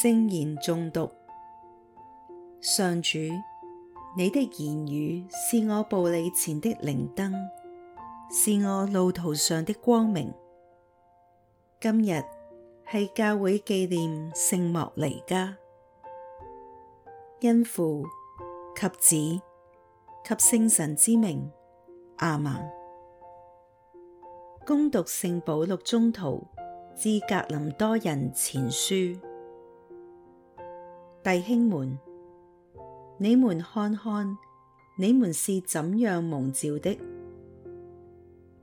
聖言誦讀。上主，你的言語是我步履前的靈燈，是我路途上的光明。今日係教會紀念聖莫尼加。因父及子及聖神之名，阿門。恭讀聖保祿宗徒，致格林多人前書。弟兄們，你們看看，你們是怎樣蒙召的？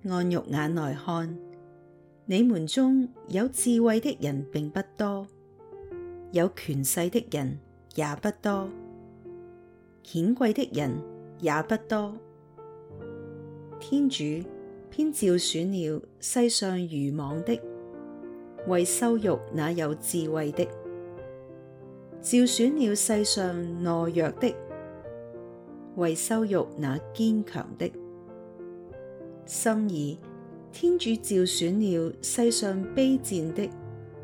按肉眼來看，你們中有智慧的人並不多，有權勢的人也不多，顯貴的人也不多。天主偏召選了世上愚妄的，為羞辱那有智慧的。召選了世上懦弱的，為羞辱那堅強的；甚而天主召選了世上卑賤的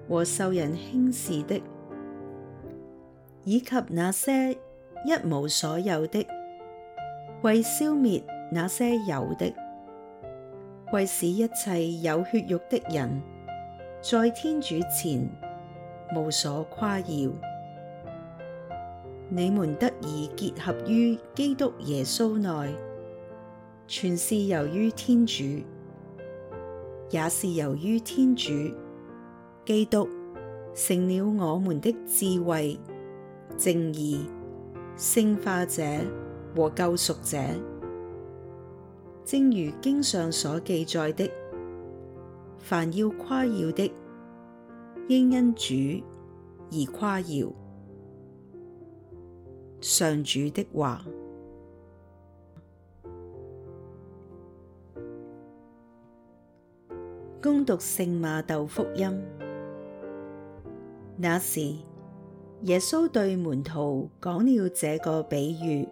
和受人輕視的，以及那些一無所有的，為消滅那些有的，為使一切有血肉的人，在天主前無所誇耀。你們得以結合於基督耶穌內，全是由於天主，也是由於天主，基督成了我們的智慧、正義、聖化者和救贖者，正如經上所記載的：凡要誇耀的，應因主而誇耀。上主的話。恭讀聖瑪竇福音。那時，耶穌對門徒講了這個比喻：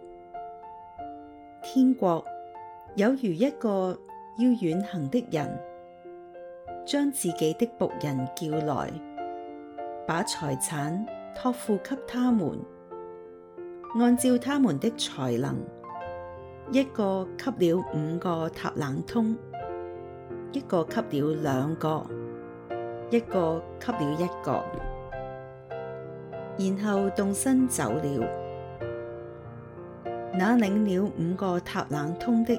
天國有如一個要遠行的人，將自己的僕人叫來，把財產託付給他們。按照他們的才能，一個給了五個塔冷通，一個給了兩個，一個給了一個，然後動身走了。那領了五個塔冷通的，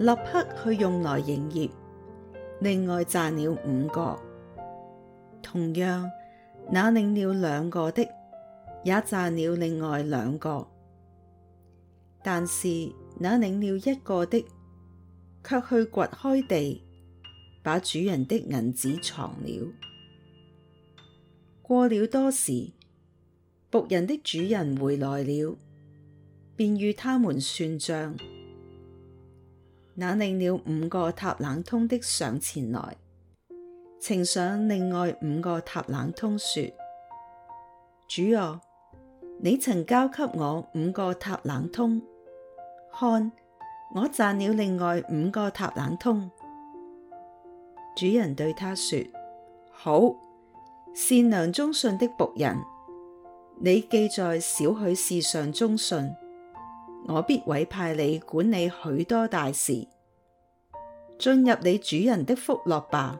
立刻去用來營業，另外賺了五個。同樣，那領了兩個的。也賺了另外兩個，但是那領了一個的，卻去掘開地，把主人的銀子藏了。過了多時，僕人的主人回來了，便與他們算賬。那領了五個塔冷通的上前來，呈上另外五個塔冷通說：主哦、啊。你曾交給我五個塔冷通，看，我賺了另外五個塔冷通。主人對他說：好，善良忠信的僕人，你既在少許事上忠信，我必委派你管理許多大事。進入你主人的福樂吧。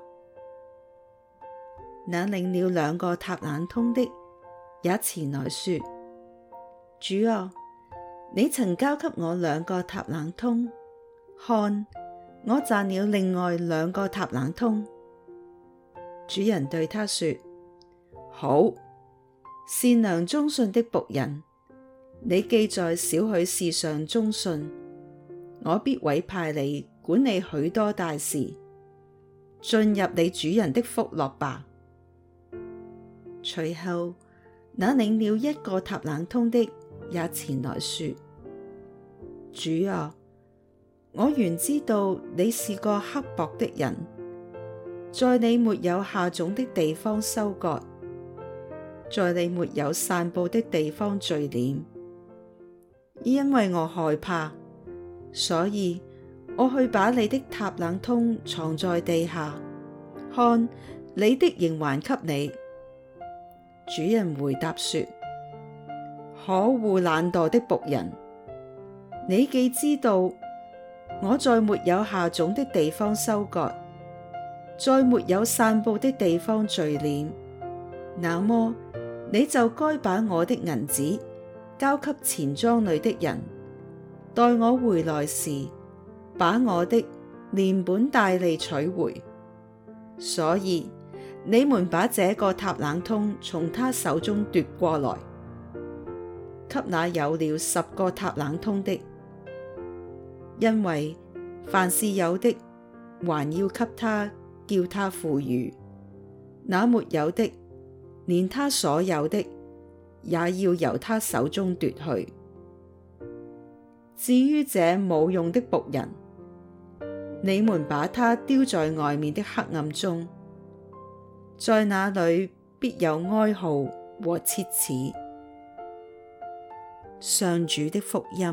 那領了兩個塔冷通的也前來說。主啊，你曾交給我兩個塔冷通，看，我賺了另外兩個塔冷通。主人對他說：好，善良忠信的僕人，你既在少許事上忠信，我必委派你管理許多大事，進入你主人的福樂吧。隨後，那領了一個塔冷通的。也前來說：主啊，我原知道你是個刻薄的人，在你沒有下種的地方收割，在你沒有散布的地方聚斂。因為我害怕，所以我去把你的塔冷通藏在地下。看，你的仍還給你。主人回答說：可惡懶惰的僕人，你既知道我在沒有下種的地方收割，在沒有散布的地方聚斂，那麼你就該把我的銀子交給錢莊裡的人，待我回來時把我的連本帶利取回。所以你們把這個塔冷通從他手中奪過來。給那有了十個塔冷通的，因為凡是有的，還要給他，叫他富裕；那沒有的，連他所有的，也要由他手中奪去。至於這無用的僕人，你們把他丟在外面的黑暗中，在那裏必有哀號和切齒。上主的福音。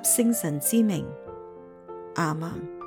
及聖神之名，亞孟。